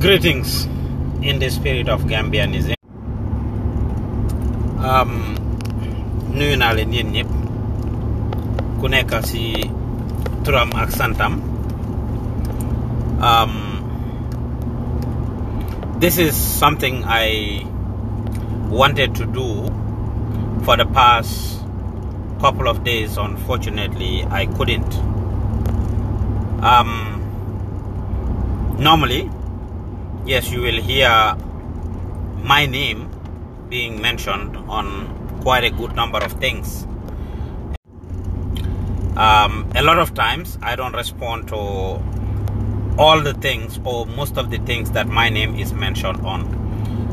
Greetings in the spirit of Gambianism. Um, nuyu naa leen yéen ñëpp ku turam ak santam um, this is something I wanted to do for the past couple of days unfortunately I couldn't um, normally yes, you will hear my name being mentioned on quite a good number of things. Um, a lot of times I don't respond to all the things or most of the things that my name is mentioned on.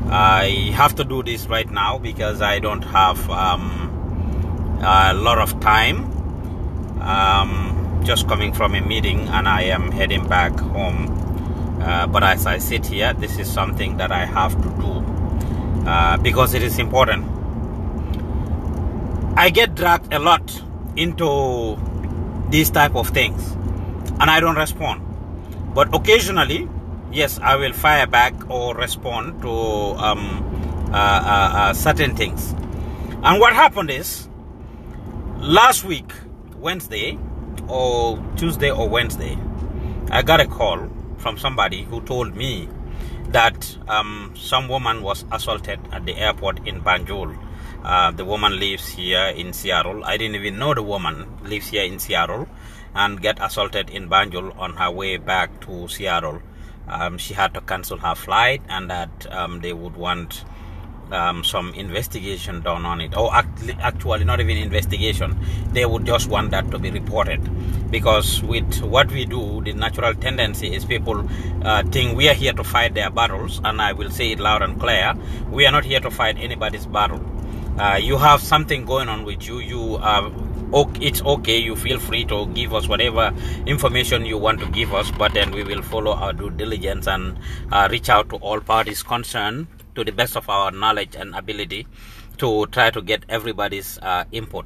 I have to do this right now because I don't have um, a lot of time. Um, just coming from a meeting and I am heading back home uh, but as I sit here, this is something that I have to do uh, because it is important. I get dragged a lot into these type of things, and I don't respond. But occasionally, yes, I will fire back or respond to um, uh, uh, uh certain things. And what happened is, last week, Wednesday, or Tuesday or Wednesday, I got a call from somebody who told me that um, some woman was assaulted at the airport in Banjul. Uh, the woman lives here in Seattle. I didn't even know the woman lives here in Seattle and get assaulted in Banjul on her way back to Seattle. Um, she had to cancel her flight and that um, they would want um, some investigation done on it, or actually not even investigation. They would just want that to be reported, because with what we do, the natural tendency is people uh, think we are here to fight their battles, and I will say it loud and clear: we are not here to fight anybody's battle. Uh, you have something going on with you. You are it's okay you feel free to give us whatever information you want to give us but then we will follow our due diligence and uh, reach out to all parties concerned to the best of our knowledge and ability to try to get everybody's uh, input.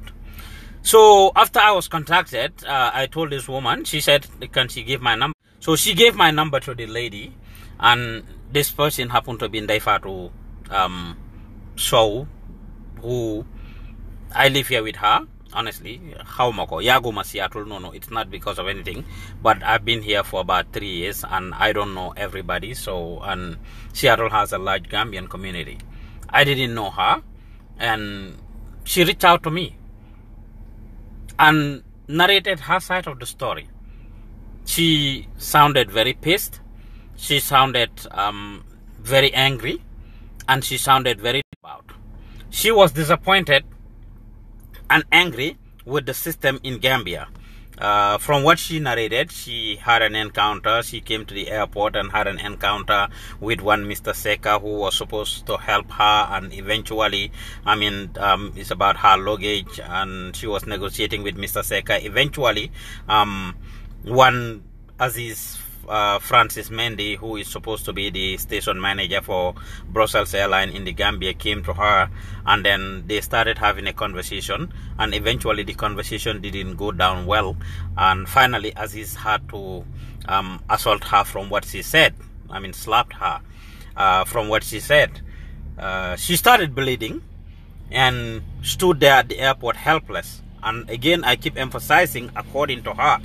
So after I was contacted, uh, I told this woman, she said, Can she give my number? So she gave my number to the lady, and this person happened to be in Daifatu um, Show, who I live here with her honestly how mako yaguma seattle no no it's not because of anything but i've been here for about three years and i don't know everybody so and seattle has a large gambian community i didn't know her and she reached out to me and narrated her side of the story she sounded very pissed she sounded um, very angry and she sounded very about she was disappointed and angry with the system in Gambia. Uh, from what she narrated, she had an encounter. She came to the airport and had an encounter with one Mr. Seka who was supposed to help her. And eventually, I mean, um, it's about her luggage, and she was negotiating with Mr. Seka. Eventually, um, one Aziz uh, Francis Mendy, who is supposed to be the station manager for Brussels Airline in the Gambia, came to her and then they started having a conversation. And eventually, the conversation didn't go down well. And finally, Aziz had to um, assault her from what she said. I mean, slapped her uh, from what she said. Uh, she started bleeding and stood there at the airport helpless. And again, I keep emphasizing, according to her,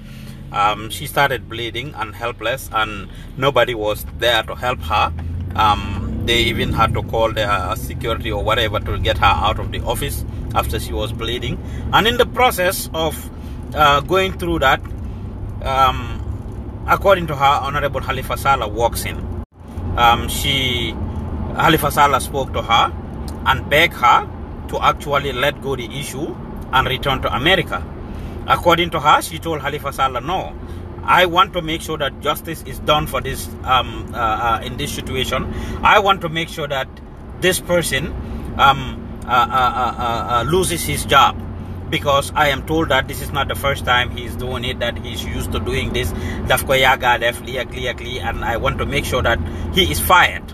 um, she started bleeding and helpless, and nobody was there to help her. Um, they even had to call their uh, security or whatever to get her out of the office after she was bleeding. And in the process of uh, going through that, um, according to her, Honorable Halifa Saleh walks in. Um, she, Halifa Saleh spoke to her and begged her to actually let go the issue and return to America. According to her, she told Halifa Saleh, no, I want to make sure that justice is done for this um, uh, uh, in this situation. I want to make sure that this person um, uh, uh, uh, uh loses his job because I am told that this is not the first time he's doing it, that he's used to doing this. Dafkoyaga, and I want to make sure that he is fired.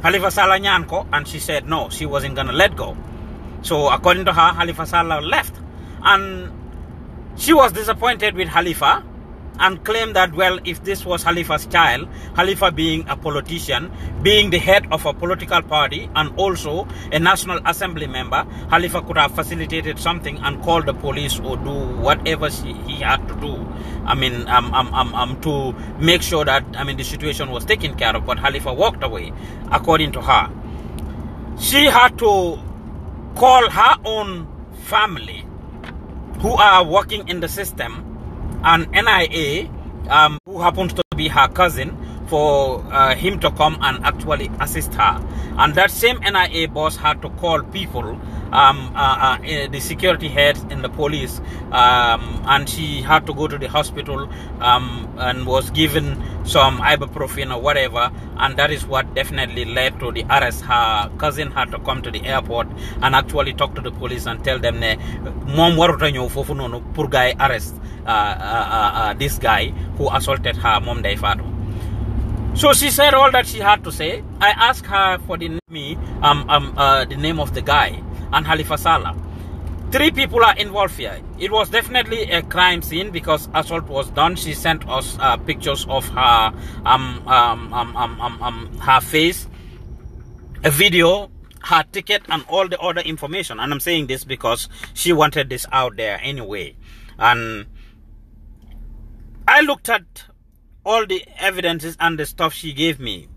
Halifa Saleh Nyanko, and she said no, she wasn't going to let go. So according to her, Halifa Saleh left. And she was disappointed with Halifa and claimed that, well, if this was Halifa's child, Halifa being a politician, being the head of a political party and also a National Assembly member, Halifa could have facilitated something and called the police or do whatever she, he had to do. I mean, um, um, um, um, to make sure that, I mean, the situation was taken care of, but Halifa walked away, according to her. She had to call her own family who are working in the system, and NIA, um, who happens to be her cousin, for uh, him to come and actually assist her. And that same NIA boss had to call people um, uh, uh, eh, the security head in the police, um, and she had to go to the hospital um, and was given some ibuprofen or whatever, and that is what definitely led to the arrest. Her cousin had to come to the airport and actually talk to the police and tell them, "Mom, what are you for? No, no, poor guy arrest uh, uh, uh, this guy who assaulted her mom, father So she said all that she had to say. I asked her for the me um um uh, the name of the guy, and Halifa Sala. Three people are involved here. It was definitely a crime scene because assault was done. She sent us uh, pictures of her um, um, um, um, um, um, her face, a video, her ticket, and all the other information. And I'm saying this because she wanted this out there anyway. And I looked at all the evidences and the stuff she gave me,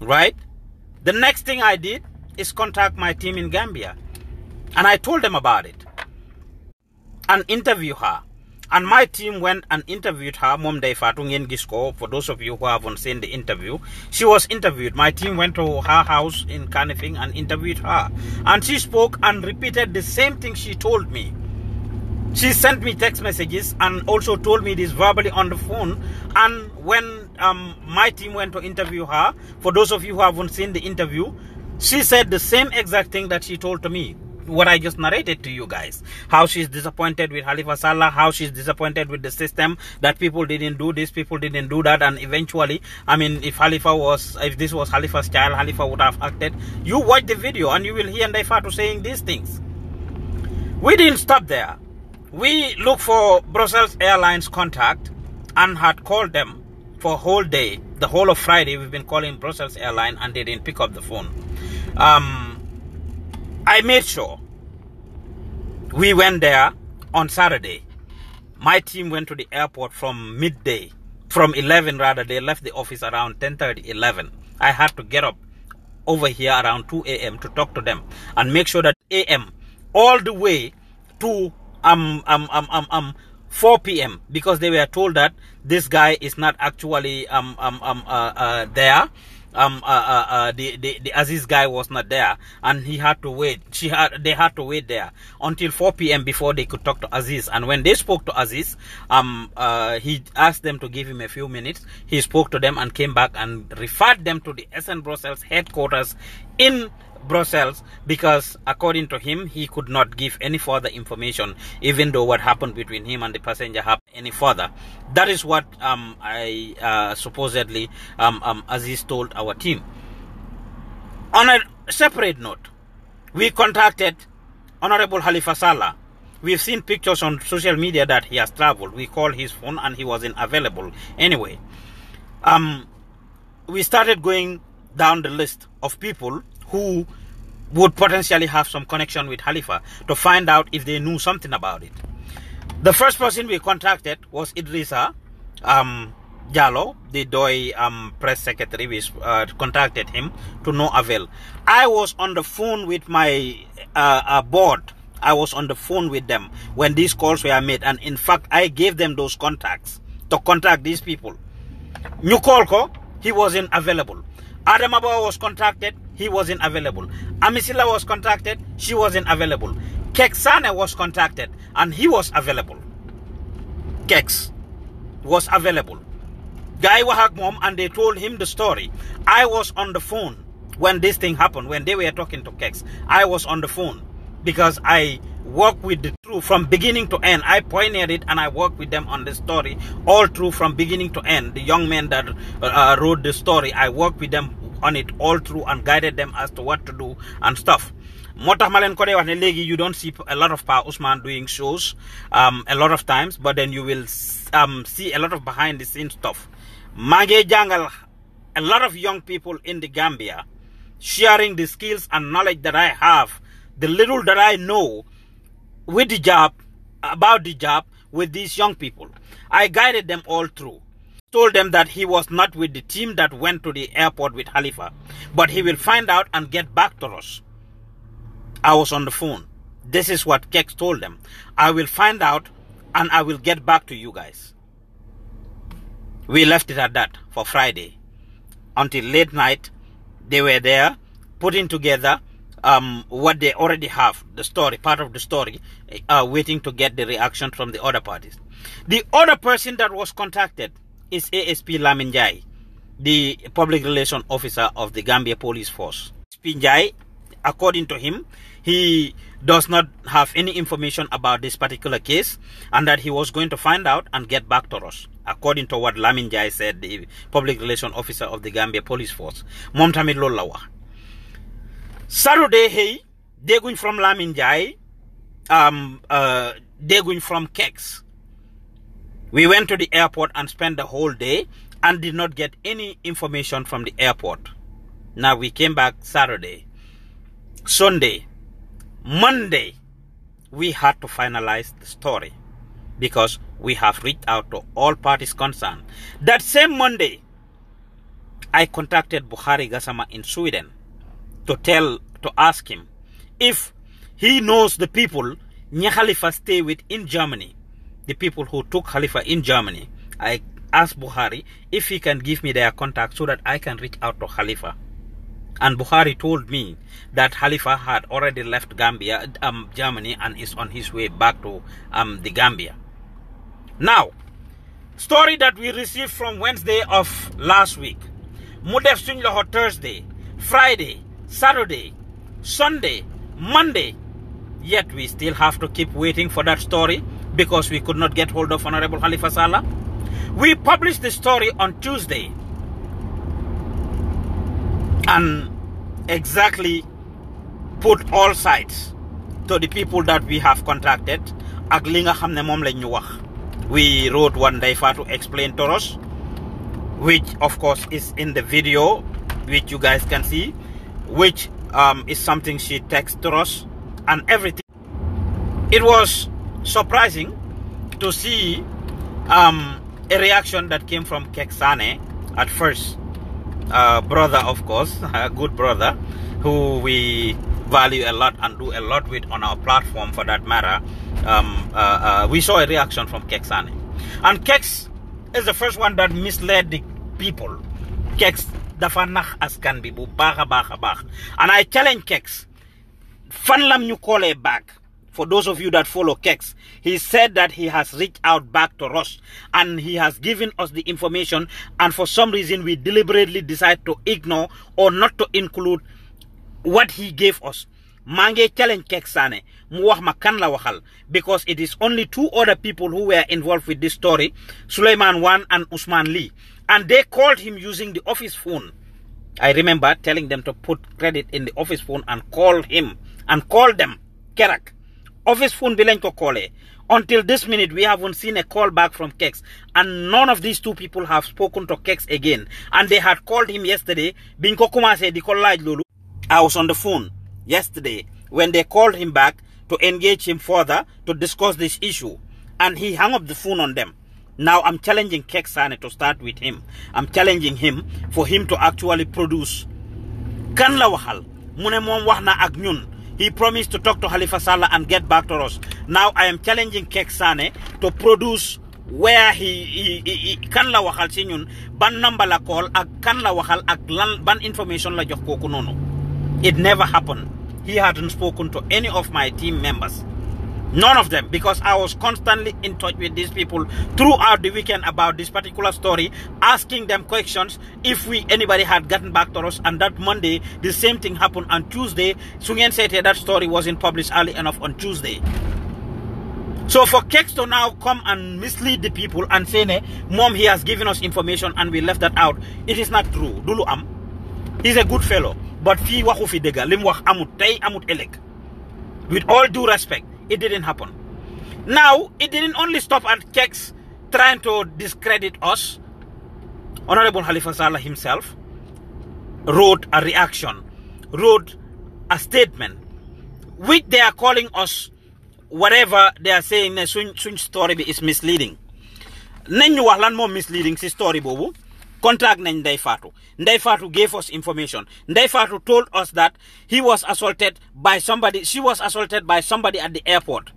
right? The next thing I did is contact my team in Gambia. And I told them about it and interview her. And my team went and interviewed her, Momday Fatung Yengisko. For those of you who haven't seen the interview, she was interviewed. My team went to her house in Kanifing and interviewed her. And she spoke and repeated the same thing she told me. She sent me text messages and also told me this verbally on the phone. And when um, my team went to interview her, for those of you who haven't seen the interview, she said the same exact thing that she told to me what I just narrated to you guys. How she's disappointed with Halifa Salah, how she's disappointed with the system that people didn't do this, people didn't do that, and eventually, I mean, if Halifa was, if this was Halifa's child, Halifa would have acted. You watch the video and you will hear Ndaifatu saying these things. We didn't stop there. We looked for Brussels Airlines contact and had called them for a whole day. The whole of Friday, we've been calling Brussels Airline and they didn't pick up the phone. Um, I made sure we went there on Saturday. My team went to the airport from midday, from 11 rather. They left the office around 10:30, 11. I had to get up over here around 2 a.m. to talk to them and make sure that a.m. all the way to um um um um um 4 p.m. because they were told that this guy is not actually um um um uh, uh there um uh, uh, uh the, the the Aziz guy was not there and he had to wait she had they had to wait there until 4 p.m before they could talk to Aziz and when they spoke to Aziz um uh he asked them to give him a few minutes he spoke to them and came back and referred them to the SN Brussels headquarters in Brussels because according to him he could not give any further information even though what happened between him and the passenger happened any further that is what um, I uh, supposedly um, um, Aziz told our team on a separate note we contacted Honorable Halifa Salah We've seen pictures on social media that he has traveled. We called his phone and he wasn't available. Anyway, um, we started going down the list of people who would potentially have some connection with Halifa to find out if they knew something about it. The first person we contacted was Idrisa um, Jallo, the Doi um, press secretary. We uh, contacted him to no avail. I was on the phone with my uh, uh, board. I was on the phone with them when these calls were made. And in fact, I gave them those contacts to contact these people. Nyukolko, he wasn't available. Adamabawa was contracted, he wasn't available. Amisila was contracted, she wasn't available. Keksane was contracted, and he was available. Keks was available. Guy Wahagmom, and they told him the story. I was on the phone when this thing happened, when they were talking to Keks. I was on the phone because I work with the truth from beginning to end. I pointed it and I work with them on the story, all through from beginning to end. The young men that uh, wrote the story, I work with them on it all through and guided them as to what to do and stuff. moo tax ma you don't see a lot of Pa doing shows um, a lot of times but then you will um, see a lot of behind the scenes stuff Mage jàngal a lot of young people in the Gambia sharing the skills and knowledge that I have the little that I know with the job, about the job with these young people. I guided them all through. Told them that he was not with the team that went to the airport with Halifa, but he will find out and get back to us. I was on the phone. This is what Kex told them. I will find out and I will get back to you guys. We left it at that for Friday. Until late night, they were there putting together um, what they already have, the story, part of the story, uh, waiting to get the reaction from the other parties. The other person that was contacted is ASP Laminjai, the public relation officer of the Gambia Police Force. Spinjai, according to him, he does not have any information about this particular case and that he was going to find out and get back to us according to what Laminjai said the public relation officer of the Gambia police force Momtamid Lolawa Saturday, hey, going from Laminjai, um, uh, going from Kex. We went to the airport and spent the whole day and did not get any information from the airport. Now we came back Saturday, Sunday, Monday. We had to finalize the story because we have reached out to all parties concerned. That same Monday, I contacted Buhari Gasama in Sweden to tell, to ask him if he knows the people Nya Khalifa stay with in Germany, the people who took Khalifa in Germany. I asked Buhari if he can give me their contact so that I can reach out to Khalifa. And Buhari told me that Khalifa had already left Gambia, um, Germany, and is on his way back to um, the Gambia. Now, story that we received from Wednesday of last week. Mudef Sunloho Thursday, Friday, Saturday, Sunday, Monday. Yet we still have to keep waiting for that story because we could not get hold of Honorable Khalifa Salah. We published the story on Tuesday. And exactly put all sides to the people that we have contacted we wrote one day for to explain to us which of course is in the video which you guys can see which um, is something she texted us and everything. It was surprising to see um, a reaction that came from Keksane at first. Uh, brother, of course, a good brother who we value a lot and do a lot with on our platform for that matter. Um, uh, uh, we saw a reaction from Keksane. And Keks is the first one that misled the people. Keks dafa nax askan bi bu baax a baax and I challenge Keks fan lam ñu koolee back for those of you that follow Kex, he said that he has reached out back to us and he has given us the information. And for some reason, we deliberately decide to ignore or not to include what he gave us. Mange challenge Kex Sane. Muhammad wax la because it is only two other people who were involved with this story Suleiman Wan and Usman Lee and they called him using the office phone I remember telling them to put credit in the office phone and call him and call them Kerak office phone bi kole. until this minute we haven't seen a call back from Kex and none of these two people have spoken to Kex again and they had called him yesterday biñ ko di ko I was on the phone yesterday when they called him back to engage him further to discuss this issue. And he hung up the phone on them. Now I'm challenging Keksane to start with him. I'm challenging him for him to actually produce. Kan la waxal mu ne he promised to talk to Halifa Sala and get back to us. Now I am challenging Keksane to produce where he, kan la waxal ban number la call ak kan la waxal ban information la jox kooku It never happened he hadn't spoken to any of my team members. None of them, because I was constantly in touch with these people throughout the weekend about this particular story, asking them questions if we anybody had gotten back to us. And that Monday, the same thing happened on Tuesday. Sungen said that story wasn't published early enough on Tuesday. So for Kex to now come and mislead the people and say, hey, Mom, he has given us information and we left that out, it is not true. Dulu Am, he's a good fellow but waxu fi dëgga li wax amut tey amut with all due respect it didn't happen now it didn't only stop at checks trying to discredit us honorable Halifa Sallah himself wrote a reaction wrote a statement which they are calling us whatever they are saying The suñ suñ story is misleading nañ ñu wax lan more misleading si story Bobo. Contract nañ Ndeye Fatou gave us information Ndeye told us that he was assaulted by somebody she was assaulted by somebody at the airport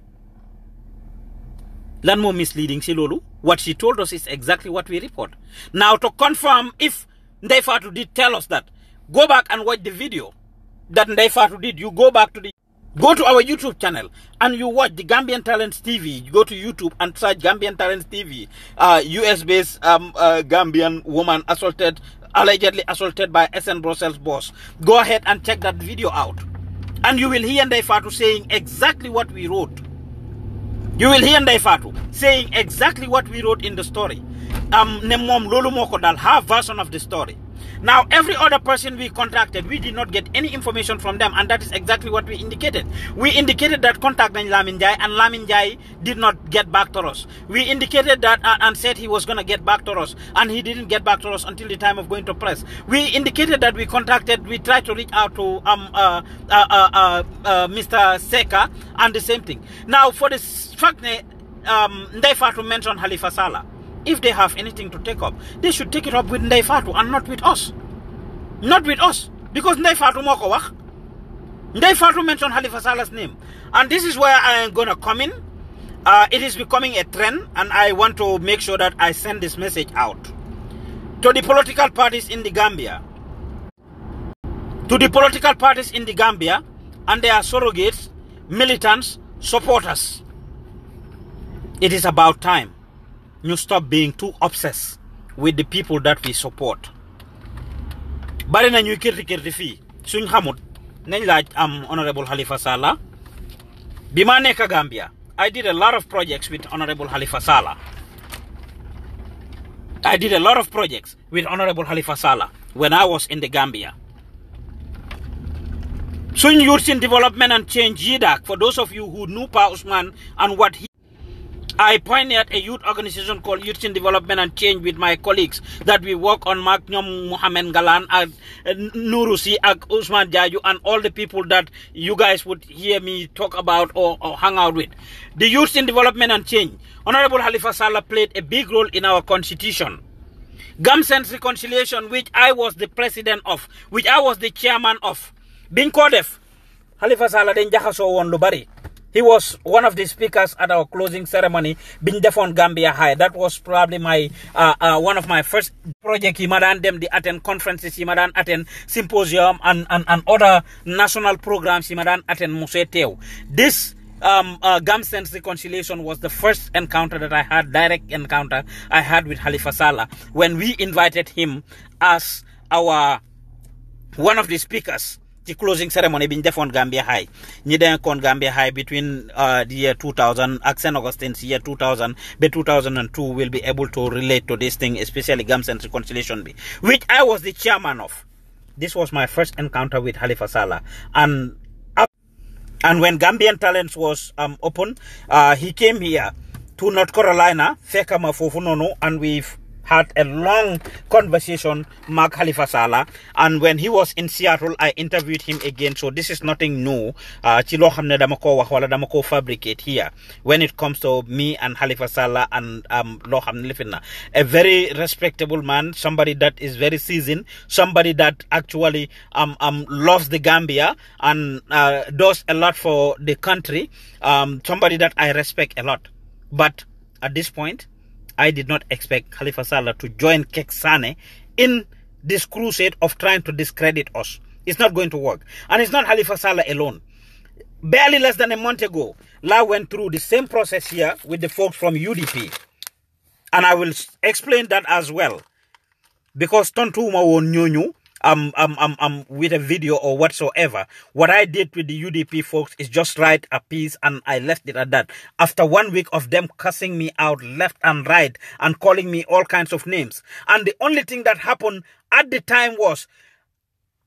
lan more misleading si what she told us is exactly what we report now to confirm if Ndeye did tell us that go back and watch the video that Ndeye did you go back to the Go to our YouTube channel and you watch the Gambian Talents TV. go to YouTube and search Gambian Talents TV. Uh, US-based um, uh, Gambian woman assaulted, allegedly assaulted by SN Brussels boss. Go ahead and check that video out. And you will hear Ndaifatu saying exactly what we wrote. You will hear Ndaifatu saying exactly what we wrote in the story. Um, ne mom moko dal her version of the story. Now, every other person we contacted, we did not get any information from them, and that is exactly what we indicated. We indicated that contact Lamin Jai, and Lamin Jai did not get back to us. We indicated that uh, and said he was going to get back to us, and he didn't get back to us until the time of going to press. We indicated that we contacted, we tried to reach out to um, uh, uh, Mr. Seka, and the same thing. Now, for the fact that um, Ndai to mention Halifa Salah, if they have anything to take up, they should take it up with Ndaifatu and not with us. Not with us. Because Ndaifatu Mokowak. Ndaifatu mentioned Halifa Salah's name. And this is where I am going to come in. Uh, it is becoming a trend, and I want to make sure that I send this message out to the political parties in the Gambia. To the political parties in the Gambia and their surrogates, militants, supporters. It is about time you stop being too obsessed with the people that we support bari na ñuy kërti kërti fii suñ xamut nañ laaj am honorable Halifa Sallah bi ma nekk Gambia I did a lot of projects with honorable Halifa Sallah I did a lot of projects with honorable Halifa Sallah when I was in the Gambia suñ youth in development and change yi for those of you who knew Pa Ousman and what he I pioneered a youth organization called Youth in Development and Change with my colleagues that we work on Mark Nyom, Mohamed Galan, and uh, Nurusi, and uh, Usman Jayu and all the people that you guys would hear me talk about or, or hang out with. The Youth in Development and Change. Honorable Halifa Salah played a big role in our constitution. Gamsen's reconciliation, which I was the president of, which I was the chairman of. Bin Kodef, Halifa Salah, den jaxasoo woon lu bari he was one of the speakers at our closing ceremony, Bindefon Gambia High. That was probably my uh, uh, one of my first project. He madan them the attend conferences, he madan attend symposium and, and, and other national programs, he madan attend Museteo. This um, uh, Gamsen's reconciliation was the first encounter that I had, direct encounter I had with Halifa Salah when we invited him as our one of the speakers the closing ceremony bi ñu Gambia High ñi kon Gambia High between uh, the year 2000 accent St Augustine's year 2000 be 2002 will be able to relate to this thing especially Gamsen's reconciliation bi which I was the chairman of this was my first encounter with Halifa Sallah and and when Gambian Talents was um, open uh, he came here to North Carolina fekk ma and we've had a long conversation, Mark Khalifa sala and when he was in Seattle, I interviewed him again. So this is nothing new. Uh, Chilo hamne damako wahwala damako fabricate here when it comes to me and Khalifa and um, Loham Lifina. A very respectable man, somebody that is very seasoned, somebody that actually um, um, loves the Gambia and uh, does a lot for the country, um, somebody that I respect a lot. But at this point, I did not expect Khalifa Salah to join Keksane in this crusade of trying to discredit us. It's not going to work. And it's not Khalifa Salah alone. Barely less than a month ago, La went through the same process here with the folks from UDP. And I will explain that as well. Because Tontu Mawon Nyonyu um, um, um, um, with a video or whatsoever. What I did with the UDP folks is just write a piece and I left it at that. After one week of them cussing me out left and right and calling me all kinds of names. And the only thing that happened at the time was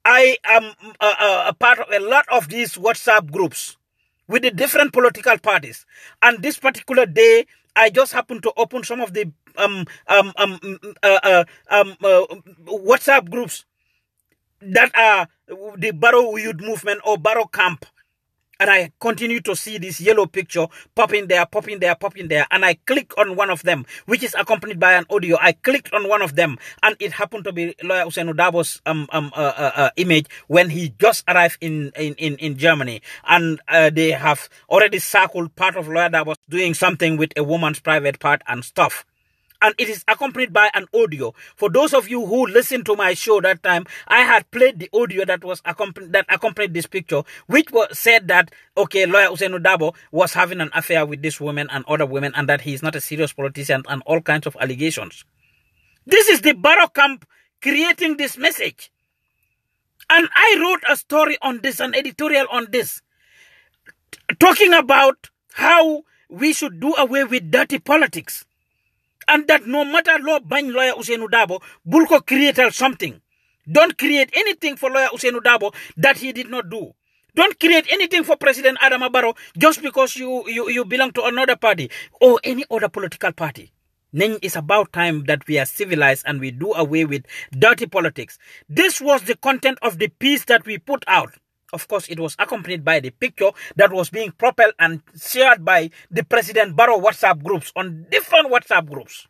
I am a, uh, uh, a part of a lot of these WhatsApp groups with the different political parties. And this particular day, I just happened to open some of the um um um uh, uh, um uh, WhatsApp groups that are the Barrow Youth Movement or Barrow Camp. And I continue to see this yellow picture popping there, popping there, popping there. And I click on one of them, which is accompanied by an audio. I clicked on one of them, and it happened to be Lawyer Usain Dabo's um, um, uh, uh, uh, image when he just arrived in, in, in, in Germany. And uh, they have already circled part of Lawyer was doing something with a woman's private part and stuff and it is accompanied by an audio. For those of you who listened to my show that time, I had played the audio that was accompanied that accompanied this picture, which was said that okay, lawyer Usenu Dabo was having an affair with this woman and other women, and that he is not a serious politician, and all kinds of allegations. This is the Barrow camp creating this message, and I wrote a story on this, an editorial on this, talking about how we should do away with dirty politics and that no matter law bang lawyer Usenu Dabo, Bulko created something. Don't create anything for lawyer Usenu Dabo that he did not do. Don't create anything for President Adam Abaro just because you, you, you belong to another party or any other political party. Then it's about time that we are civilized and we do away with dirty politics. This was the content of the piece that we put out. Of course, it was accompanied by the picture that was being propelled and shared by the President Barrow WhatsApp groups on different WhatsApp groups.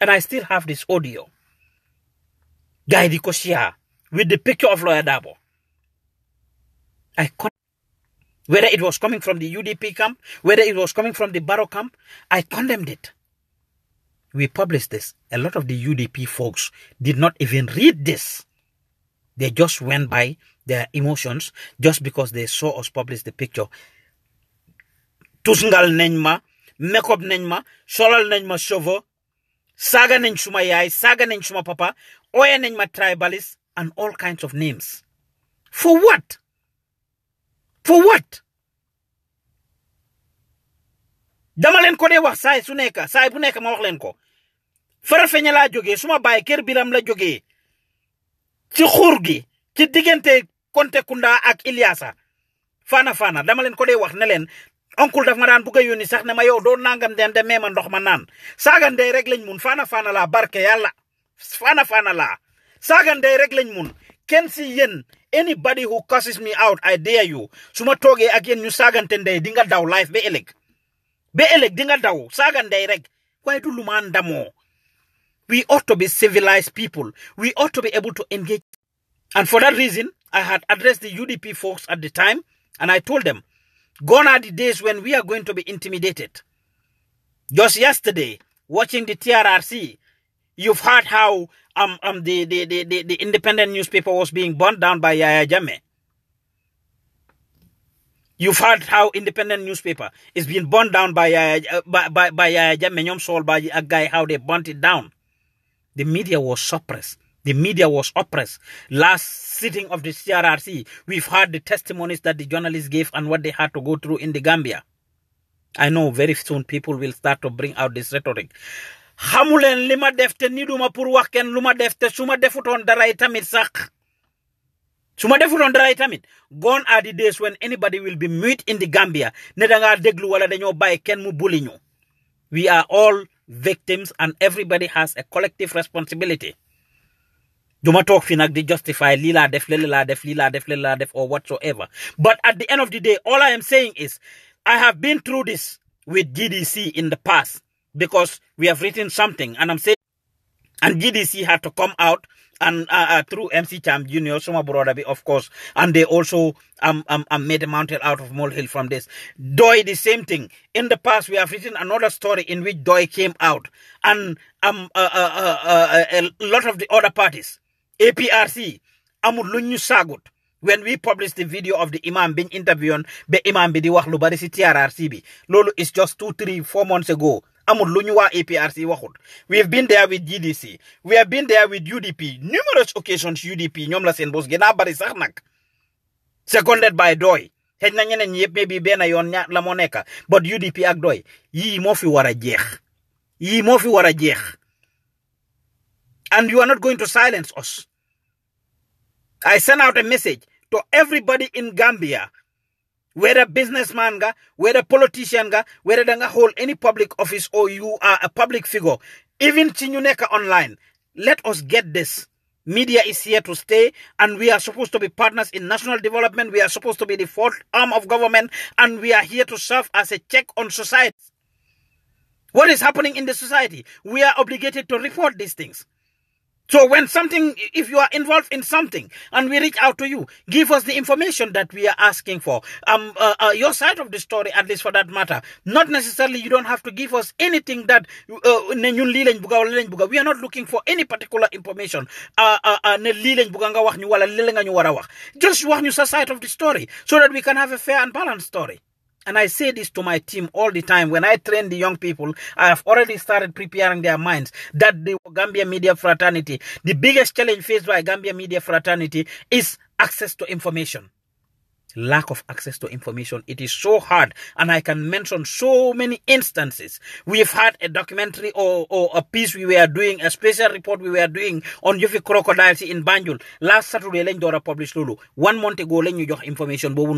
And I still have this audio. Guy Dikosia with the picture of Lawyer Dabo. I could whether it was coming from the UDP camp, whether it was coming from the Barrow camp, I condemned it. We published this. A lot of the UDP folks did not even read this. They just went by their emotions just because they saw us publish the picture. Tusungal nenma, makeup nenma, solal nenma shovo, saga nenchuma yai, saga nenchuma papa, oya nenma tribalist, and all kinds of names. For what? For what? Damalen leen ko dee wax saay su nekk saay bu nekk ma wax leen ko farafeña laa jógee suma baay kër biram la jógee ci xur gi ci digënté Konte Kunda ak Iliasa Fana fana, dama leen ko day wax ne leen onkul daf ma daan bugg a sax ne ma yow do nangam dem de meema ndox ma naan rek lañ mun fana fana la barke fana fana la laa saagandey rek lañ mun ken si yen anybody who causes me out I dare you suma toge ak yen ñu sagante ndey di nga daw life be eleg, be eleg di nga daw saagandey rek way du lu We ought to be civilized people. We ought to be able to engage. And for that reason, I had addressed the UDP folks at the time and I told them, gone are the days when we are going to be intimidated. Just yesterday, watching the TRRC, you've heard how um, um, the, the, the, the, the independent newspaper was being burned down by Yaya Jame. You've heard how independent newspaper is being burned down by uh, by, by, by Yaya Jame, Nyom Sol, by a guy, how they burnt it down. The media was suppressed. The media was oppressed. Last sitting of the CRRC, we've heard the testimonies that the journalists gave and what they had to go through in the Gambia. I know very soon people will start to bring out this rhetoric. xamuleen li lima defte te ni duma pour wax kenn lu ma def te su ma defutoon dara gone are the days when anybody will be mute in the Gambia Nedanga déglu wala dañoo bàyyi mu buli we are all victims and everybody has a collective responsibility Do not talk fii justify lila, laa def lii def lila, def def or whatsoever but at the end of the day all I am saying is I have been through this with GDC in the past because we have written something and I'm saying and GDC had to come out and uh, uh through MC Cham Junior, Soma Brodabi, of course, and they also um, um, um made a mountain out of molehill from this. Doi, the same thing. In the past, we have written another story in which Doi came out, and um uh, uh, uh, uh a lot of the other parties, APRC, Amulunyu Sagut. when we published the video of the imam being interviewed, the imam bi di wax lu bari si is just two three four months ago amul lu ñu APRC waxut we've been there with GDC we have been there with UDP numerous occasions UDP ñoom la seen boss gën bari sax nag seconded by doy xëj na ñeneen ñi yëpp mais bi benn la moo nekk but UDP ak doy yii mo fi war a jeex yii moo fi war jeex and you are not going to silence us. I send out a message to everybody in Gambia whether businessman nga whether politician nga whether da nga hold any public office or you are a public figure even ci online let us get this Media is here to stay, and we are supposed to be partners in national development. We are supposed to be the fourth arm of government, and we are here to serve as a check on society. What is happening in the society? We are obligated to report these things. So when something, if you are involved in something and we reach out to you, give us the information that we are asking for. Um, uh, uh, your side of the story, at least for that matter. Not necessarily you don't have to give us anything that uh, we are not looking for any particular information. Uh, uh, uh, Just one ñu your side of the story so that we can have a fair and balanced story. And I say this to my team all the time. When I train the young people, I have already started preparing their minds that the Gambia media fraternity, the biggest challenge faced by Gambia media fraternity is access to information lack of access to information it is so hard and i can mention so many instances we've had a documentary or, or a piece we were doing a special report we were doing on yufi crocodiles in banjul last saturday len jora publish lulu one month ago len ñu your information bobu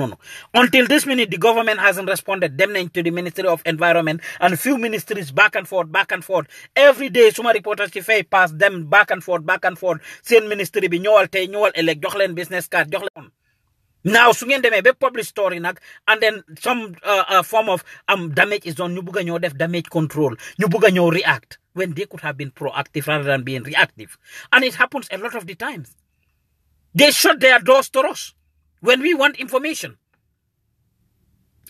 until this minute the government hasn't responded them to the ministry of environment and few ministries back and forth back and forth every day suma reporters ci pass them back and forth back and forth Same ministry bi ñëwal tay ñëwal business card now, su eh, they may ba public story and then some uh, uh, form of um, damage is done You bugg a def damage control You react when they could have been proactive rather than being reactive and it happens a lot of the times. They shut their doors to us when we want information.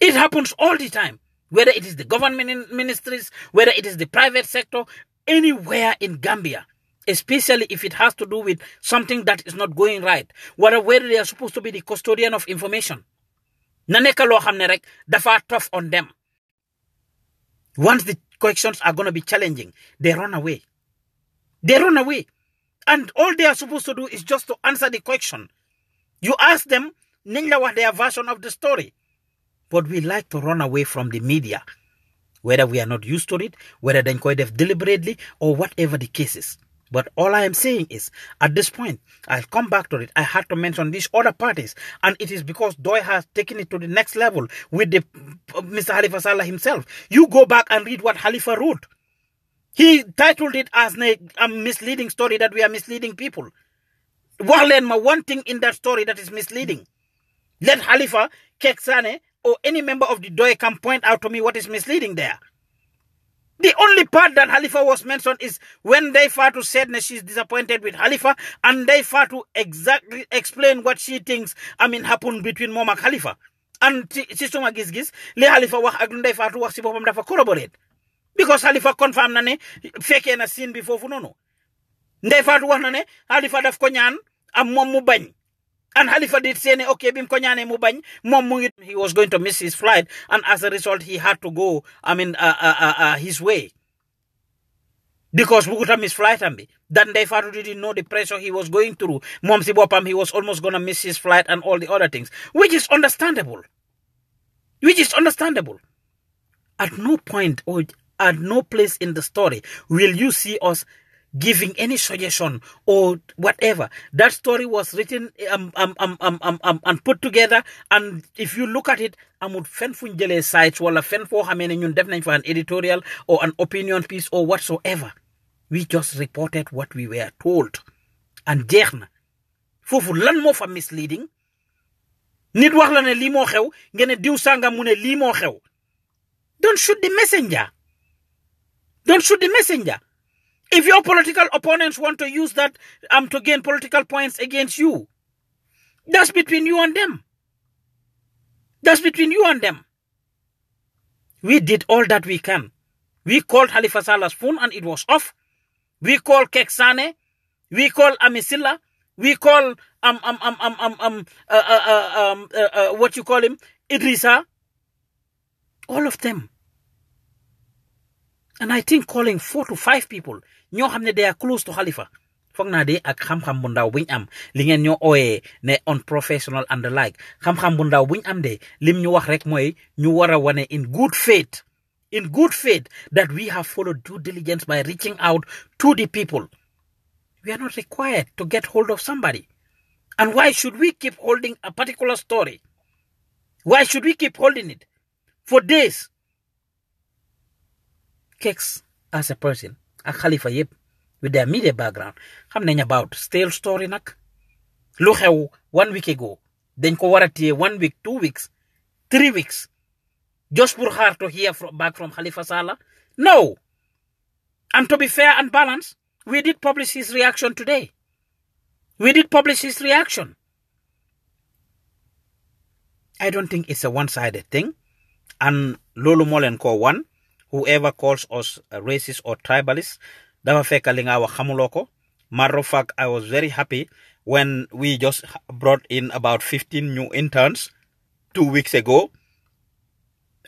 It happens all the time, whether it is the government ministries, whether it is the private sector, anywhere in Gambia especially if it has to do with something that is not going right where where they are supposed to be the custodian of information na nekk loo rek dafa tough on them once the questions are going to be challenging they run away they run away and all they are supposed to do is just to answer the question you ask them nañ la wax their version of the story but we like to run away from the media whether we are not used to it whether dañ koy def deliberately or whatever the case is but all I am saying is, at this point, I've come back to it. I had to mention these other parties, and it is because Doi has taken it to the next level with the uh, Mr. Halifa Salah himself. You go back and read what Halifa wrote. He titled it as a, a misleading story that we are misleading people. my one thing in that story that is misleading. Let Halifa, Keksane, or any member of the Doi come point out to me what is misleading there. The only part that Halifa was mentioned is when Daifatu said that she's disappointed with Halifa, and Daifatu exactly explain what she thinks, I mean, happened between Mom Halifa. And Sister Magis Le Halifa wax ak Daifatu wax si dafa corroborate. Because Halifa confirm na ne fekkee na scene bi foofu noonu. Ndey Faatu wax na ne Halifa daf konyan ñaan am moom mu and Halifa did say, okay, Bim Konyane Mubañ, Mom he was going to miss his flight. And as a result, he had to go, I mean, uh, uh, uh, uh his way. Because Bukuta missed flight ambi. they Defaru didn't know the pressure he was going through. Mom Sibopam, he was almost going to miss his flight and all the other things. Which is understandable. Which is understandable. At no point or at no place in the story will you see us giving any suggestion or whatever. That story was written um, um, um, um, um, um, and put together. And if you look at it, I'm fuñ jëlee sites It's fen a xamee ne ñun for an editorial or an opinion piece or whatsoever. We just reported what we were told. And jeex Fufu, foofu lan moo fa misleading nit la ne lii xew nga diw sanga xew. Don't shoot the messenger. Don't shoot the messenger if your political opponents want to use that um, to gain political points against you, that's between you and them. That's between you and them. We did all that we can. We called Halifa Salah's phone and it was off. We called Keksane. We called Amisilla. We called um um um um um um uh, uh, uh, um uh, uh, what you call him Idrisa. All of them. And I think calling four to five people ñoo xam ne they are close to Halifa foog naa de ak xam-xam bu ndaw buñ am li ngeen ñoo oye ne unprofessional and the like xam-xam bu ndaw buñ am de lim ñu wax rek mooy ñu war a in good faith in good faith that we have followed due diligence by reaching out to the people we are not required to get hold of somebody and why should we keep holding a particular story why should we keep holding it for days Kex as a person ak Khalifa, with their media background xam nañ about stale story Nak lu xew one week ago dañ ko war a one week two weeks three weeks just pour xaar to hear from, back from Khalifa Salah. no and to be fair and balanced we did publish his reaction today we did publish his reaction I don't think it's a one-sided thing and loolu moo ko whoever calls us racist or tribalist dafa fekk li calling our hamuloko. matter of fact I was very happy when we just brought in about 15 new interns two weeks ago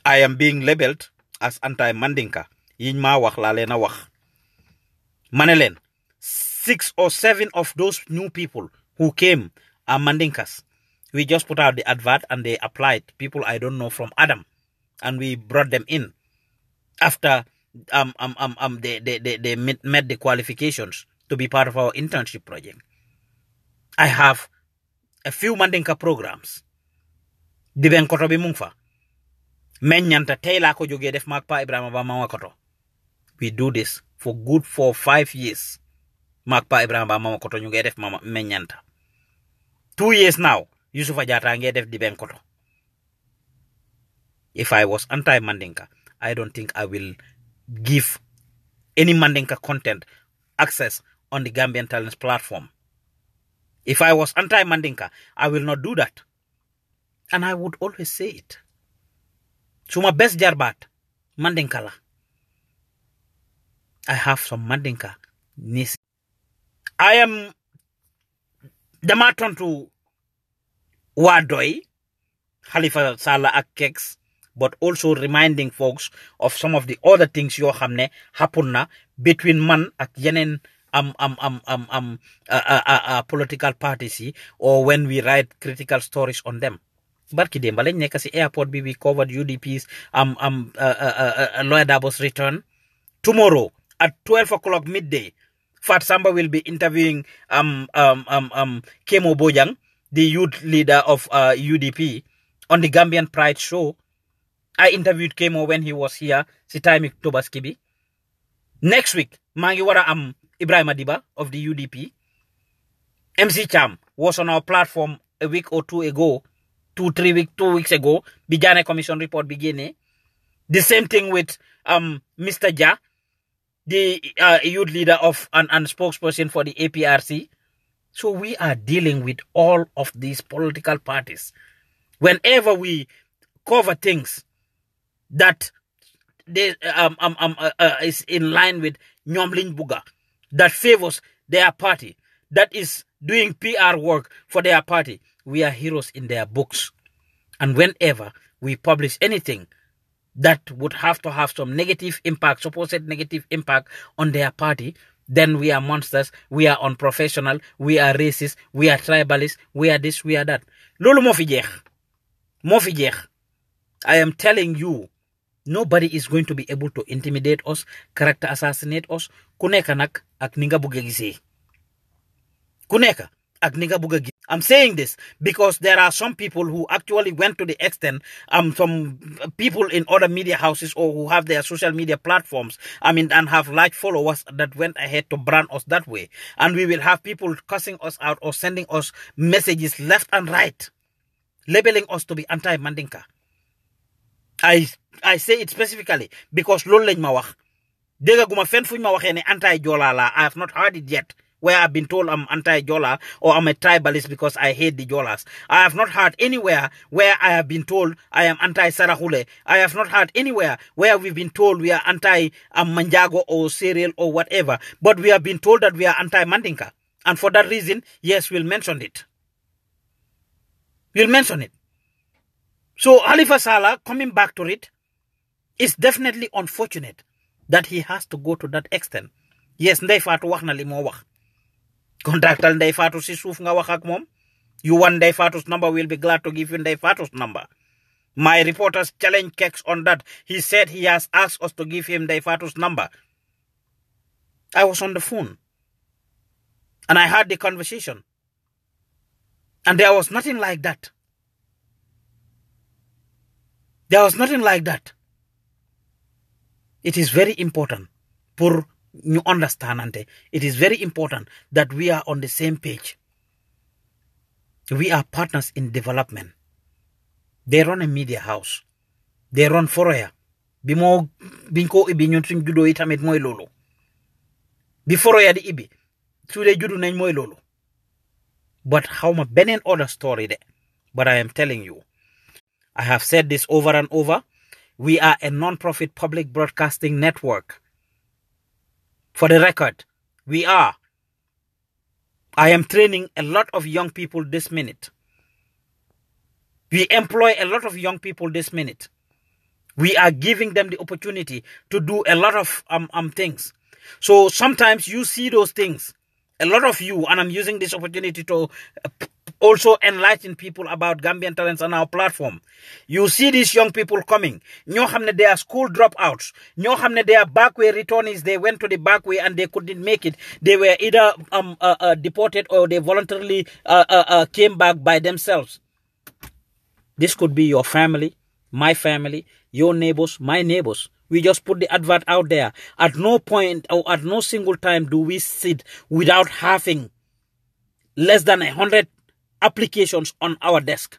I am being labeled as anti-Mandinka yiñ ma wax laa leen wax six or seven of those new people who came are Mandinkas we just put out the advert and they applied people I don't know from Adam and we brought them in after um, um, um, um, they, they, they, they met the qualifications to be part of our internship project. I have a few Mandinka programs. di ben koto bi mung fa meññanta tey ko jógee def maag ibrahim ibrahima ba ma koto we do this for good for five years maag ibrahim ibrahima ba ma koto ñu def mama meññanta two years now yusufa jaataa ngee def di ben koto if i was anti mandinka I don't think I will give any Mandinka content access on the Gambian Talents platform. If I was anti Mandinka, I will not do that. And I would always say it. my best jarbat, Mandinka. I have some Mandinka niece. I am the matron to Wadoi, Halifa Sallah ak but also reminding folks of some of the other things you xam ne happen na between man ak yeneen am am am am am political parties or when we write critical stories on them. barki démb lañ nekk si airport bi we covered UDP's am am Lawyer Darboe's return tomorrow at twelve o'clock midday Fat Samba will be interviewing um um um um Kemo Bojang the youth leader of uh, UDP on the Gambian Pride show I interviewed Kemo when he was here si time next week Mangiwara am Ibrahim Adiba of the UDP MC Cham was on our platform a week or two ago two three week two weeks ago Began a commission report bi the same thing with um, Mr. Ja the uh, youth leader of and, and spokesperson for the APRC so we are dealing with all of these political parties whenever we cover things that they, um, um, um, uh, uh, is in line with Nyomlin Buga, that favors their party, that is doing PR work for their party. We are heroes in their books. And whenever we publish anything that would have to have some negative impact, supposed negative impact on their party, then we are monsters, we are unprofessional, we are racist, we are tribalist, we are this, we are that. Lolo mo fi I am telling you nobody is going to be able to intimidate us character assassinate us Kuneka nak nag ak ni nga bëgg a ak I'm saying this because there are some people who actually went to the extent, um, some people in other media houses or who have their social media platforms, I mean, and have large followers that went ahead to brand us that way. And we will have people cussing us out or sending us messages left and right, labeling us to be anti-Mandinka. I I say it specifically because loolu lañ ma wax guma fenn fuñ ma ne anti Jola la I have not heard it yet where I've been told I'm anti Jola or I'm a tribalist because I hate the Jolas. I have not heard anywhere where I have been told I am anti Sarahule. I have not heard anywhere where we've been told we are anti Manjago or cereal or whatever. But we have been told that we are anti Mandinka. And for that reason, yes, we'll mention it. We'll mention it. So Halifa Salah, coming back to it, it's definitely unfortunate that he has to go to that extent. Yes, Ndeye wakna wax na li mo wax. Contactal si suuf nga mom. You want Ndeye number, we'll be glad to give you Ndeye number. My reporters challenge Kex on that. He said he has asked us to give him Ndeye number. I was on the phone. And I had the conversation. And there was nothing like that. There was nothing like that. It is very important for you understand, Ante. It is very important that we are on the same page. We are partners in development. They run a media house. They run Foroya. Bimo binko ibi nyontin judo the moy lolo. Before ya di ibi. Tude judo moy lolo. But how ma benen other story there. But I am telling you. I have said this over and over. We are a non-profit public broadcasting network. For the record, we are. I am training a lot of young people this minute. We employ a lot of young people this minute. We are giving them the opportunity to do a lot of um, um things. So sometimes you see those things. A lot of you, and I'm using this opportunity to uh, also enlighten people about Gambian talents on our platform. You see these young people coming. ñoo xam they are school dropouts. ñoo xam they are back way returnees. They went to the back way and they couldn't make it. They were either um, uh, uh, deported or they voluntarily uh, uh, uh, came back by themselves. This could be your family, my family, your neighbors, my neighbors. We just put the advert out there. At no point or at no single time do we sit without having less than a hundred applications on our desk.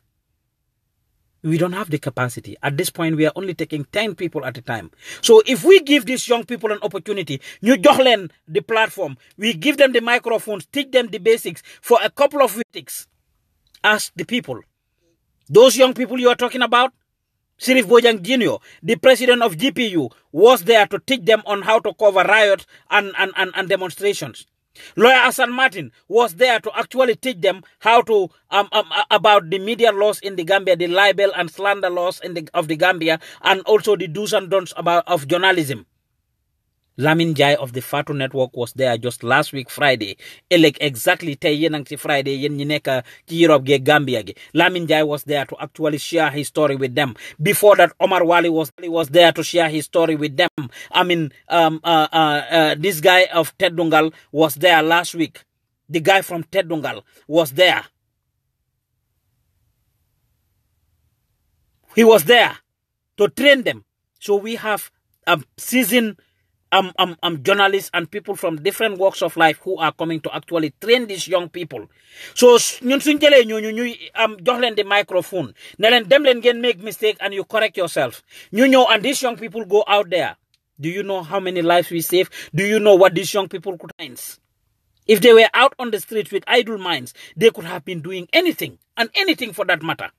We don't have the capacity. At this point, we are only taking 10 people at a time. So if we give these young people an opportunity, New Jochlen, the platform, we give them the microphones, teach them the basics for a couple of weeks. Ask the people. Those young people you are talking about, Sirif Bojang Jr., the president of GPU, was there to teach them on how to cover riots and, and, and, and demonstrations. Lawyer Asan Martin was there to actually teach them how to um, um, about the media laws in the Gambia, the libel and slander laws in the, of the Gambia, and also the do's and don'ts about of journalism. Lamin Jai of the Fatu Network was there just last week Friday ëllëg exactly tey yéen a ngi Friday yéen ñi nekk Europe Gambia gi Lamin Jai was there to actually share his story with them before that Omar Wali was was there to share his story with them I mean um, uh, uh, uh, this guy of Tedungal was there last week the guy from Tedungal was there he was there to train them so we have a season I'm, I'm journalists and people from different walks of life who are coming to actually train these young people so ñun suñ jëlee ñooñu ñuy am um, jox leen di microphone ne leen dem leen ngeen make mistake and you correct yourself ñu ñëw and these young people go out there do you know how many lives we save do you know what these young people could minds if they were out on the streets with idle minds they could have been doing anything and anything for that matter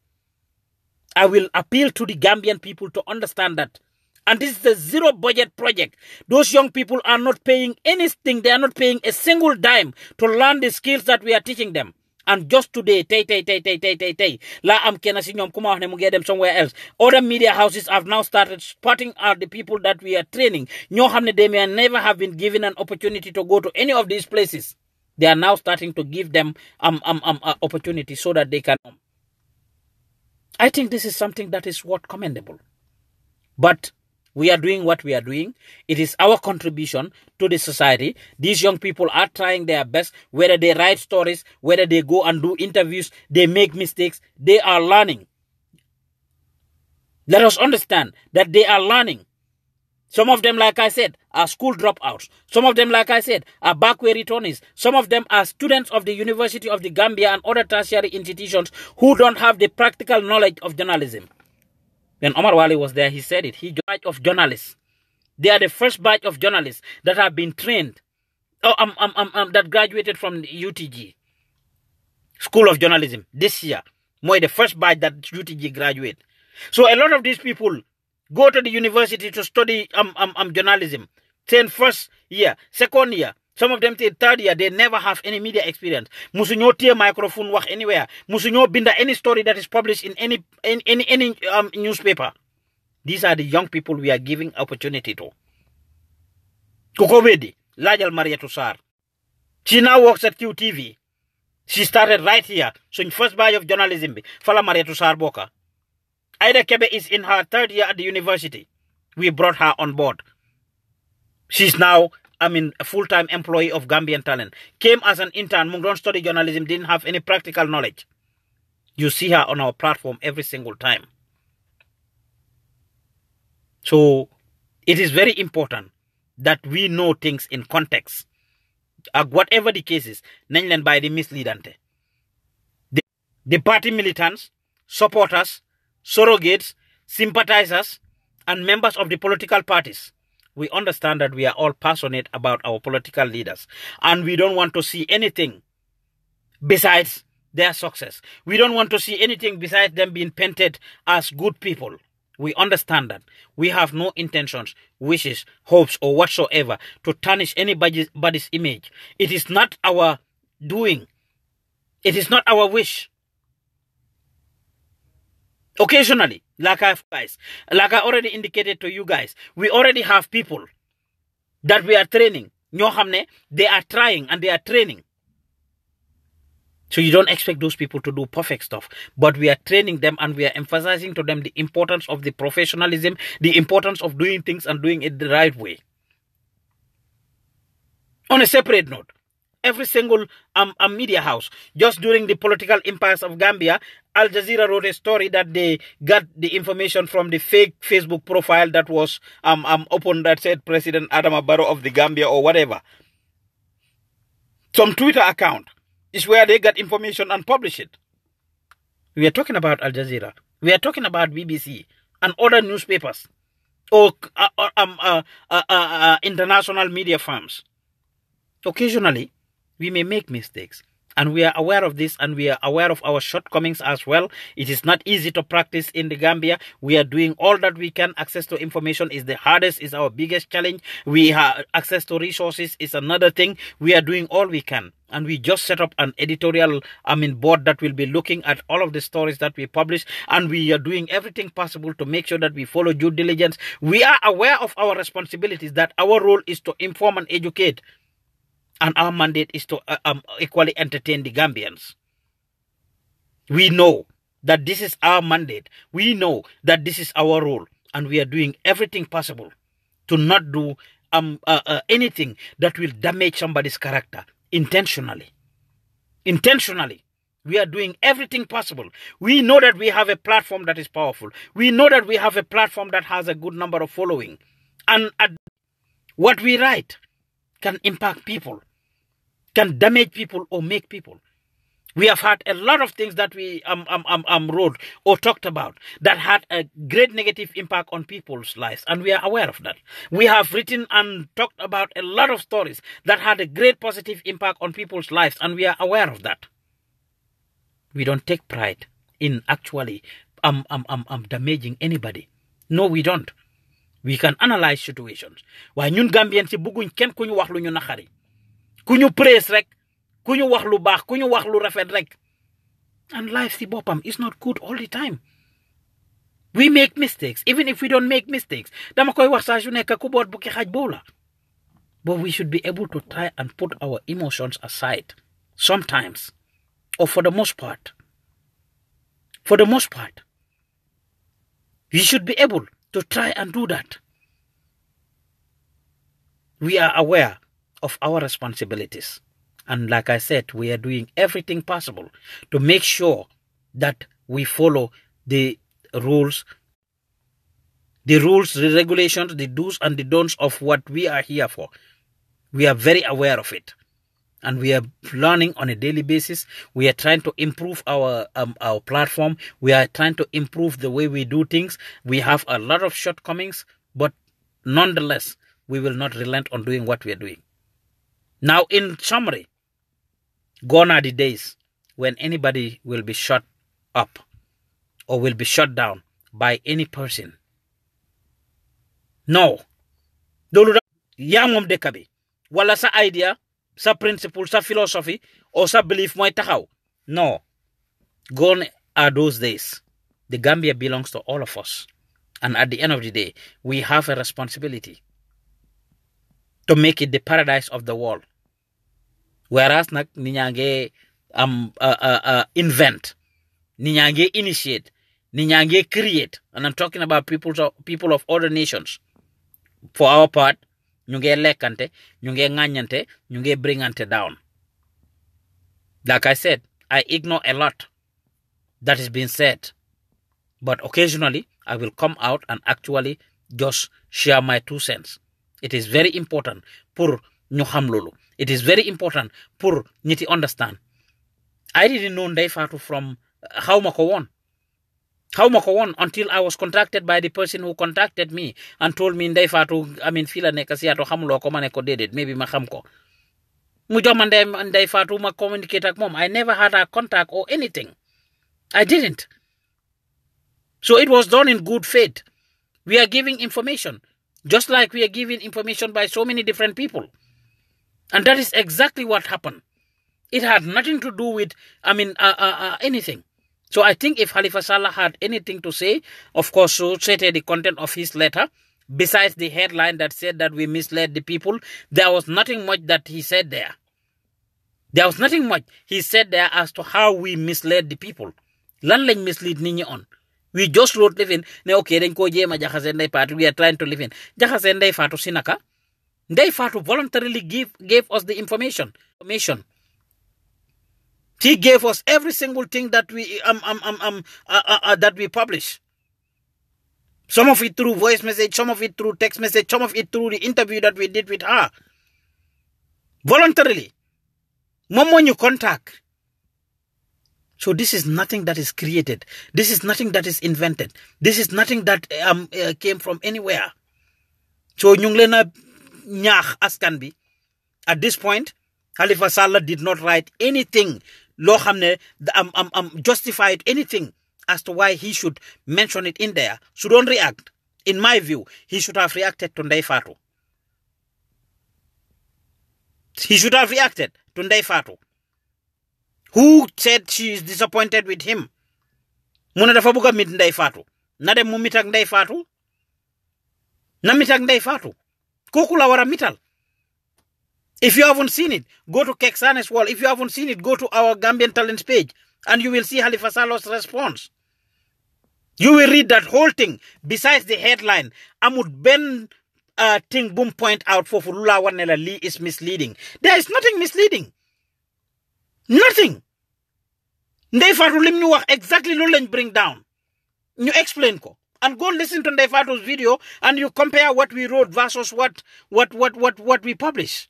i will appeal to the gambian people to understand that and this is a zero budget project. Those young people are not paying anything. They are not paying a single dime to learn the skills that we are teaching them. And just today, tay, tay, tay, tay, tay, tay, tay, la am kenasi sinyom kuma ne get them somewhere else. Other media houses have now started spotting out the people that we are training. Nyo hamne demia never have been given an opportunity to go to any of these places. They are now starting to give them um, um, um, uh, opportunity so that they can. I think this is something that is what commendable. But we are doing what we are doing. It is our contribution to the society. These young people are trying their best, whether they write stories, whether they go and do interviews, they make mistakes, they are learning. Let us understand that they are learning. Some of them, like I said, are school dropouts. Some of them, like I said, are backway returnees. Some of them are students of the University of the Gambia and other tertiary institutions who don't have the practical knowledge of journalism. When Omar Wali was there, he said it. He batch of journalists. They are the first batch of journalists that have been trained, oh, um, um, um, um, that graduated from the UTG School of Journalism this year. More the first batch that UTG graduate. So a lot of these people go to the university to study um, um, um, journalism. Then first year, second year, some of them till third year they never have any media experience musuñoo téye microphone wax anywhere musuñoo binda any story that is published in any any any um, newspaper these are the young people we are giving opportunity to ku Laja Maria laajal she now works at QTV she started right here so in first batch of journalism bi fala maria Sarr boka Aida Kebe is in her third year at the university we brought her on board she's now I mean, a full time employee of Gambian Talent. Came as an intern, Mungron study journalism, didn't have any practical knowledge. You see her on our platform every single time. So it is very important that we know things in context. Uh, whatever the case is, namely by the misleadante. The, the party militants, supporters, surrogates, sympathizers, and members of the political parties we understand that we are all passionate about our political leaders and we don't want to see anything besides their success. We don't want to see anything besides them being painted as good people. We understand that. We have no intentions, wishes, hopes, or whatsoever to tarnish anybody's image. It is not our doing, it is not our wish Occasionally, like I've guys, like I already indicated to you guys, we already have people that we are training. They are trying and they are training. So you don't expect those people to do perfect stuff, but we are training them and we are emphasizing to them the importance of the professionalism, the importance of doing things and doing it the right way. On a separate note, every single um, um media house, just during the political impasse of Gambia, Al Jazeera wrote a story that they got the information from the fake Facebook profile that was um, um opened that said President Adama Barrow of the Gambia or whatever. Some Twitter account is where they got information and publish it. We are talking about Al Jazeera. We are talking about BBC and other newspapers or uh, uh um, uh uh, uh, uh, international media firms. Occasionally, we may make mistakes and we are aware of this and we are aware of our shortcomings as well. It is not easy to practice in the Gambia. We are doing all that we can. Access to information is the hardest, is our biggest challenge. We have access to resources is another thing. We are doing all we can and we just set up an editorial i mean board that will be looking at all of the stories that we publish and we are doing everything possible to make sure that we follow due diligence we are aware of our responsibilities that our role is to inform and educate and our mandate is to uh, um, equally entertain the Gambians. We know that this is our mandate. We know that this is our role, and we are doing everything possible to not do um, uh, uh, anything that will damage somebody's character intentionally. Intentionally. We are doing everything possible. We know that we have a platform that is powerful. We know that we have a platform that has a good number of following. And what we write can impact people, can damage people or make people. We have had a lot of things that we um, um, um, um, wrote or talked about that had a great negative impact on people's lives, and we are aware of that. We have written and talked about a lot of stories that had a great positive impact on people's lives, and we are aware of that. We don't take pride in actually um, um, um, um, damaging anybody. No, we don't we can analyze situations Why ñun Gambians? si bëgguñ kenn ku ñu wax lu ñu naxari ku ñu praise rek ku ñu wax lu baax ku ñu wax lu rafet rek and life si bopam. is not good all the time we make mistakes even if we don't make mistakes dama koy wax saa su nekk ku boot bukki xaj boobu la but we should be able to try and put our emotions aside sometimes or for the most part for the most part we should be able to try and do that. We are aware of our responsibilities. And like I said, we are doing everything possible to make sure that we follow the rules, the rules, the regulations, the do's and the don'ts of what we are here for. We are very aware of it and we are learning on a daily basis we are trying to improve our um, our platform we are trying to improve the way we do things we have a lot of shortcomings but nonetheless we will not relent on doing what we are doing now in summary gone are the days when anybody will be shut up or will be shut down by any person no lolu yaa wala sa idea sa principle sa philosophy, or sa belief mooy taxaw no gone are those days the Gambia belongs to all of us and at the end of the day we have a responsibility to make it the paradise of the world whereas nag ni ñaa um, uh, uh uh invent ni initiate ni create and I'm talking about people people of other nations for our part ñu ngee lekkante ñu ngee ŋàññante ñu ngee bringante down like I said I ignore a lot that is being said but occasionally I will come out and actually just share my two cents it is very important pour ñu xam loolu it is very important pour ñi ti understand I didn't know Ndeye Fatou from uh, xaw ma ko woon How on until I was contacted by the person who contacted me and told me ndey faatu amin fii la nekk si yaatu xamuloo ko ma ko maybe ma xam ko mu jox ma ndey ma communicate ak I never had a contact or anything I didn't so it was done in good faith we are giving information just like we are giving information by so many different people and that is exactly what happened it had nothing to do with I mean uh, uh, uh, anything so I think if Khalifa Salah had anything to say, of course, so stated the content of his letter. Besides the headline that said that we misled the people, there was nothing much that he said there. There was nothing much he said there as to how we misled the people. landline lañ mislead on we just wrote living. in ne ok then koo jéem a jaxase we are trying to live in jaxase part. faatu si naka voluntarily give gave us the information information he gave us every single thing that we um, um, um, um, uh, uh, uh, that we publish. Some of it through voice message, some of it through text message, some of it through the interview that we did with her. Voluntarily. moment you contact. So this is nothing that is created. This is nothing that is invented. This is nothing that um, uh, came from anywhere. So Nyunglena nyach as can be. At this point, Khalifa Salah did not write anything loo xam am um, am um, am um, justified anything as to why he should mention it in there Shouldn't react in my view he should have reacted to Ndeye Fatu. he should have reacted to Ndeye Fatu. who said she is disappointed with him mu dafa bëgg mit Ndeye Fatu. na dem mu mit ak Ndeye Fatu. na mit ak la wara mital if you haven't seen it, go to Keksane's wall. If you haven't seen it, go to our Gambian Talents page and you will see Halifa Salo's response. You will read that whole thing besides the headline. Amud Ben uh, Ting Boom point out for Fulula Wanela Lee is misleading. There is nothing misleading. Nothing. Ndey Fatou exactly loolu bring down. You explain ko. And go listen to Ndey video and you compare what we wrote versus what what what what, what we publish.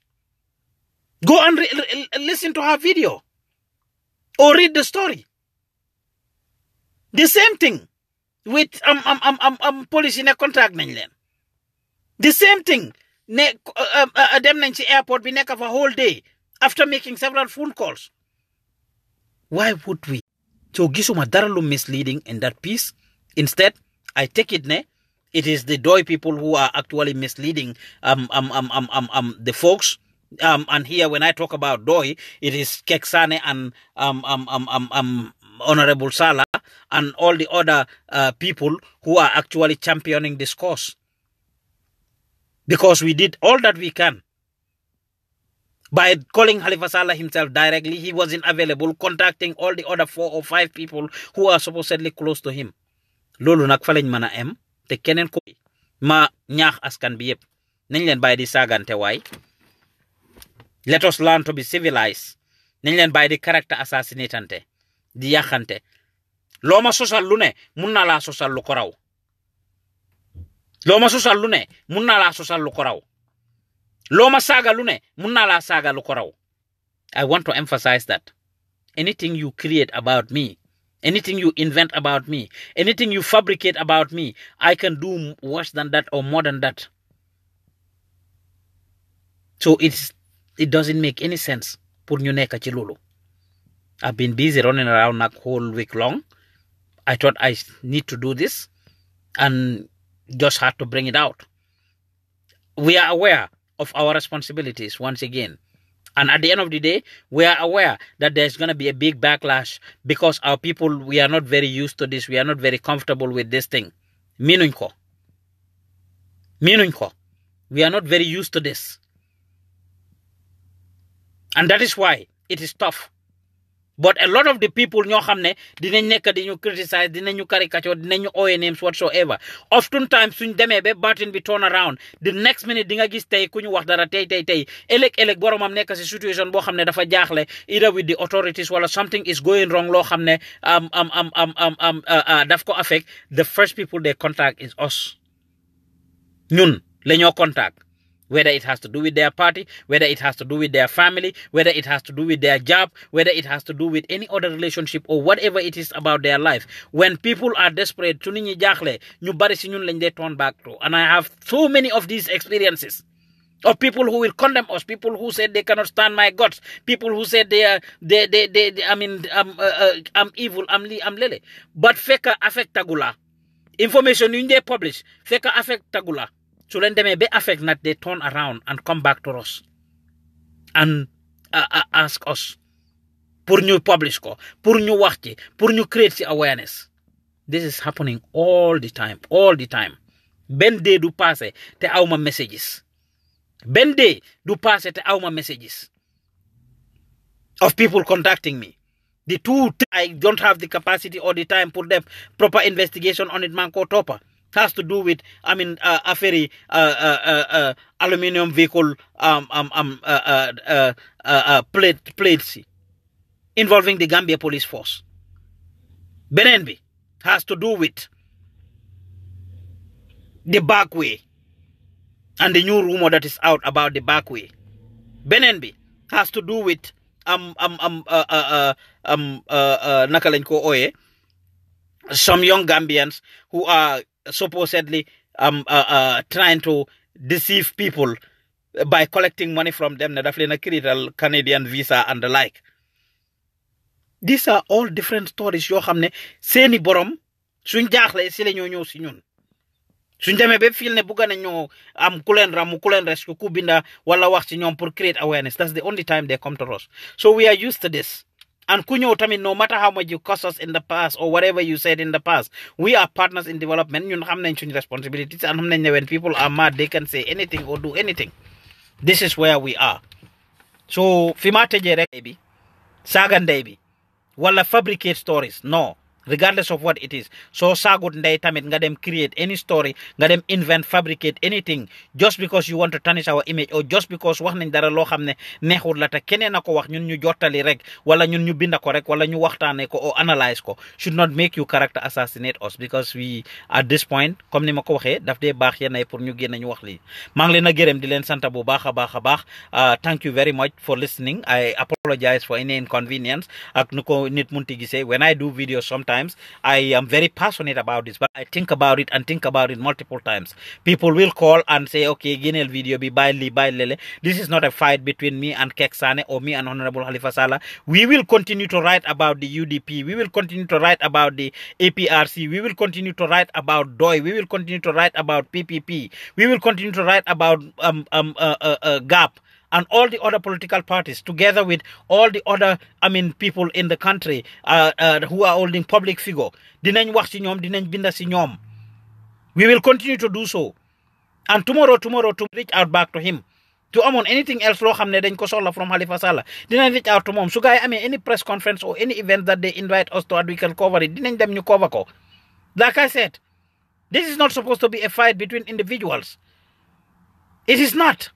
Go and re- re- listen to her video or read the story. The same thing with um um um um, um police in a contract The same thing ne uh, um, uh, dem nañ ci airport neck of a whole day after making several phone calls. Why would we? So gisuma dara misleading in that piece. Instead, I take it ne it is the Doi people who are actually misleading um um um um um, um the folks um, and here when I talk about Doi, it is Keksane and um, um, um, um, um, Honorable Sala and all the other uh, people who are actually championing this cause. Because we did all that we can. By calling Halifa Sala himself directly, he wasn't available, contacting all the other four or five people who are supposedly close to him. te ma askan let us learn to be civilized nañ by the character assassinatante di yàqante Loma social lune, lu la social naa laa sosal lu ko raw loo ma sosal lu ne mun naa laa sosal lu ko raw I want to emphasize that anything you create about me anything you invent about me anything you fabricate about me I can do worse than that or more than that so it's it doesn't make any sense pour ñu nekk ci I've been busy running around nag whole week long I thought I need to do this and just had to bring it out we are aware of our responsibilities once again and at the end of the day, we are aware that there's going to be a big backlash because our people, we are not very used to this. We are not very comfortable with this thing. Minunko. Minunko. We are not very used to this and that is why it is tough but a lot of the people ñoo xam ne dinañ didn't you criticize dinañ ñu caricature dinañ ñu owe names whatsoever oftentimes suñ demee ba batin bi turn around the next minute di nga gis tey ku ñu wax dara tey tey tey ëllëg boromam nekk si situation boo xam dafa either with the authorities wala something is going wrong loo xam um am am am am am daf ko affect the first people they contact is us ñun le ñoo contact whether it has to do with their party, whether it has to do with their family, whether it has to do with their job, whether it has to do with any other relationship or whatever it is about their life. When people are desperate, ñi And I have so many of these experiences of people who will condemn us, people who said they cannot stand my gods, people who said they are, they, they, they, they I mean, I'm, uh, uh, I'm evil, I'm, li, I'm lele. But feka affectagula. Information in they publish, feka affectagula su they may be affected that they turn around and come back to us and uh, uh, ask us pour new publish ko pour new wax ci pour ñu create awareness this is happening all the time all the time Ben day du passé te awma messages Ben day du passé te awma messages of people contacting me the two I don't have the capacity or the time for the proper investigation on it man ko toppa has to do with, I mean, uh, a very uh, aluminium vehicle um, um, um, plate, plates involving the Gambia police force. Benenbi has to do with the back way and the new rumor that is out about the back way. Benenbi has to do with um um um uh uh um uh, uh Nakalenko Oye, some young Gambians who are supposedly um uh, uh, trying to deceive people by collecting money from them definitely daf leen a Canadian visa and the like these are all different stories yoo xam ne seeni borom suñ jaaxle si la ñoo ñëw si ñun suñ demee ba fil ne bugg na ñoo am ku leen ramu ku leen rescue ku binda wala wax ci ñoom pour create awareness that's the only time they come to us so we are used to this and kunyo tami, no matter how much you cost us in the past or whatever you said in the past, we are partners in development. You have responsibilities. And when people are mad, they can say anything or do anything. This is where we are. So, fima jere baby. Sagan, baby. Walla fabricate stories. No. regardless of what it is soo saagut ndey tamit nga create any story nga invent fabricate anything just because you want to tarnish our image or just because wax ne neexul la te keneen ko wax ñun ñu jottali rek wala ñun ñu binda ko rek wala ñu waxtaanee ko or analyse ko should not make you character assassinate us because we at this point comme ni ma ko waxee daf dee baax yéen ay pour ñu génn ñu wax lii maa ngi leen a gërëm di leen sant bu baax a baax a baax ah, thank you very much for listening I apologize for any inconvenience times. I am very passionate about this, but I think about it and think about it multiple times. People will call and say, okay, Guinea video be by Li, by Lele. This is not a fight between me and Keksane or me and Honorable Halifa We will continue to write about the UDP. We will continue to write about the APRC. We will continue to write about DOI. We will continue to write about PPP. We will continue to write about um, um, uh, uh, uh, GAP and all the other political parties, together with all the other, I mean, people in the country uh, uh, who are holding public figure. We will continue to do so. And tomorrow, tomorrow, to reach out back to him. To amon anything else Lo hamne den dañ from Halifa Sallah reach out to So, su I mean, any press conference or any event that they invite us to and we can cover it Didn't them you cover ko. Like I said, this is not supposed to be a fight between individuals. It is not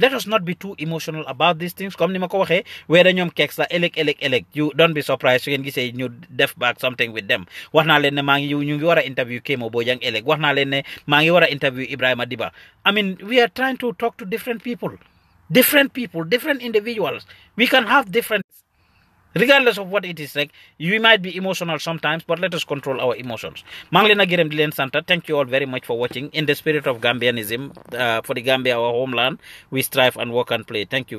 let us not be too emotional about these things comme ni ma ko waxee weere ñoom keek sa elek. ëllëg ëllëg you don't be surprised su ngeen gisee ñu def back something with them wax naa leen ne maa ngi ñu ngi war interview Kémo Bojang elek. wax naa leen ne maa ngi interview Ibrahima Diba I mean we are trying to talk to different people different people different individuals we can have different regardless of what it is like you might be emotional sometimes but let us control our emotions maa Girem Dilen Santa. thank you all very much for watching in the spirit of Gambianism uh, for the Gambia our homeland we strive and work and play thank you very